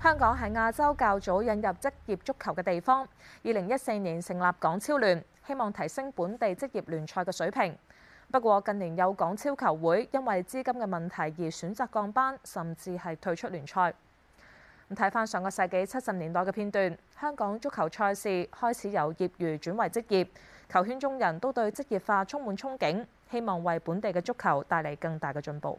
香港喺亞洲較早引入職業足球嘅地方。二零一四年成立港超聯，希望提升本地職業聯賽嘅水平。不過近年有港超球會因為資金嘅問題而選擇降班，甚至係退出聯賽。睇返上個世紀七十年代嘅片段，香港足球賽事開始由業餘轉為職業，球圈中人都對職業化充滿憧憬，希望為本地嘅足球帶嚟更大嘅進步。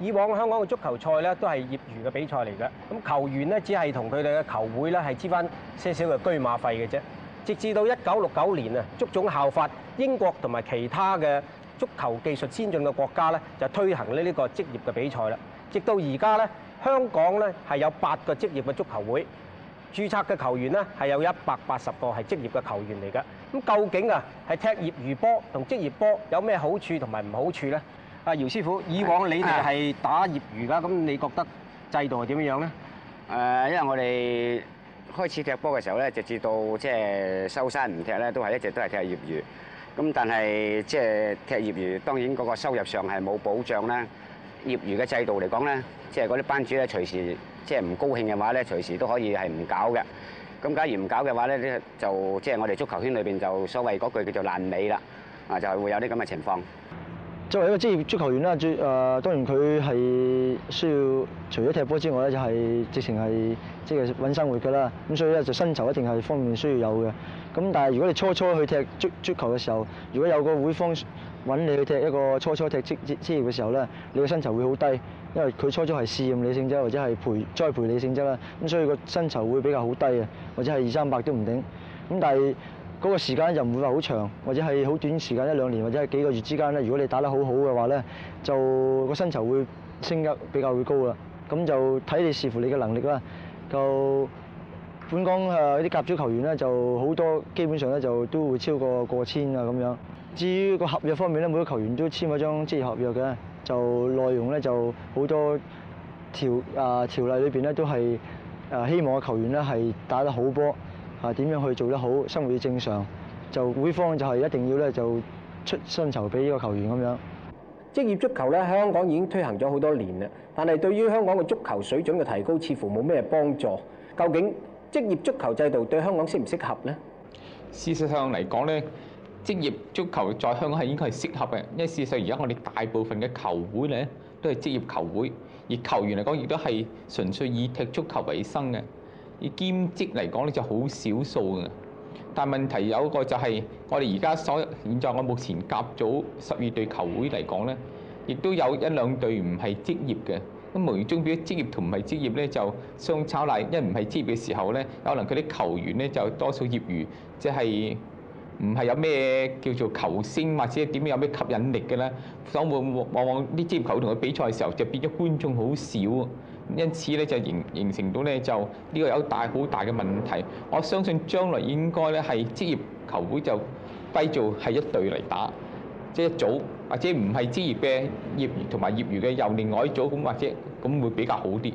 以往香港嘅足球賽咧，都係業餘嘅比賽嚟嘅。咁球員咧，只係同佢哋嘅球會咧，係支返些少嘅車馬費嘅啫。直至到一九六九年啊，足總效法英國同埋其他嘅足球技術先進嘅國家咧，就推行呢呢個職業嘅比賽啦。直到而家咧，香港咧係有八個職業嘅足球會，註冊嘅球員呢，係有一百八十個係職業嘅球員嚟嘅。咁究竟啊，係踢業餘波同職業波有咩好處同埋唔好處咧？啊，姚師傅，以往你哋係打業餘噶，咁、啊、你覺得制度係點樣樣咧？誒，因為我哋開始踢波嘅時候咧，直至到即係收山唔踢咧，都係一直都係踢業餘。咁但係即係踢業餘，當然嗰個收入上係冇保障啦。業餘嘅制度嚟講咧，即係嗰啲班主咧隨時即係唔高興嘅話咧，隨時都可以係唔搞嘅。咁假如唔搞嘅話咧，就即係我哋足球圈裏邊就所謂嗰句叫做爛尾啦。啊，就係會有啲咁嘅情況。作為一個職業足球員啦，最誒當然佢係需要除咗踢波之外咧，就係、是、直情係即係搵生活㗎喇。咁所以咧就薪酬一定係方面需要有嘅。咁但係如果你初初去踢足足球嘅時候，如果有個會方搵你去踢一個初初踢職職業嘅時候咧，你嘅薪酬會好低，因為佢初初係試驗你性質或者係培栽培你性質啦。咁所以個薪酬會比較好低啊，或者係二三百都唔定。咁但係，嗰個時間就唔會話好長，或者係好短時間一兩年，或者係幾個月之間咧。如果你打得好好嘅話咧，就個薪酬會升得比較會高啦。咁就睇你視乎你嘅能力啦。就本港誒一啲甲組球員咧，就好多基本上咧就都會超過過千啊咁樣。至於個合約方面咧，每個球員都簽咗張職業合約嘅，就內容咧就好多條誒、啊、條例裏邊咧都係誒希望個球員咧係打得好波。啊，點樣去做得好，生活要正常，就會方就係一定要咧，就出薪酬俾呢個球員咁樣。職業足球咧，喺香港已經推行咗好多年啦，但係對於香港嘅足球水準嘅提高，似乎冇咩幫助。究竟職業足球制度對香港適唔適合呢？事實上嚟講咧，職業足球在香港係應該係適合嘅，因為事實上而家我哋大部分嘅球會咧，都係職業球會，而球員嚟講亦都係純粹以踢足球為生嘅。以兼職嚟講咧就好少數嘅，但係問題有個就係我哋而家所現在我目前甲組十二隊球會嚟講咧，亦都有一兩隊唔係職業嘅。咁無形中，譬如職業同唔係職業咧就相差大。因為唔係職業嘅時候咧，有可能佢啲球員咧就多數業餘，即係唔係有咩叫做球星或者點樣有咩吸引力嘅咧，所以會往往啲職業球同佢比賽嘅時候就變咗觀眾好少。因此咧就形形成到咧就呢個有很大好大嘅問題。我相信將來應該咧係職業球會就閉做係一隊嚟打，即係一組，或者唔係職業嘅業餘同埋業餘嘅又另外一組，咁或者咁會比較好啲。